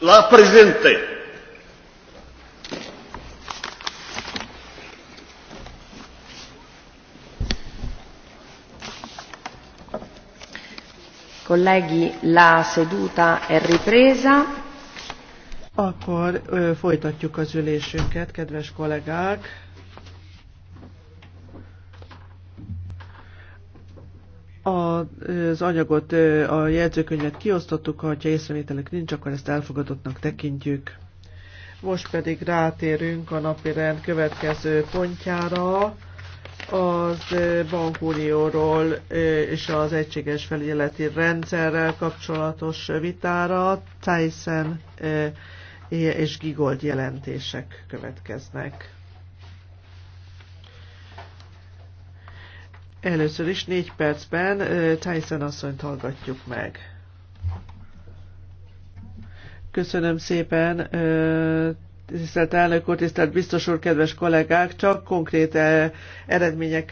La Presidente. Colleghi, la seduta è ripresa. Akkor ö, folytatjuk az ülésünket, kedves kollégák. az anyagot, a jegyzőkönyvet kiosztottuk, ha észrevételek nincs, akkor ezt elfogadottnak tekintjük. Most pedig rátérünk a napi rend következő pontjára, az bankunióról és az egységes felügyeleti rendszerrel kapcsolatos vitára Tyson és Gigold jelentések következnek. Először is négy percben Tyson asszonyt hallgatjuk meg. Köszönöm szépen, tisztelt elnök úr, tisztelt biztos úr, kedves kollégák, csak konkrét eredmények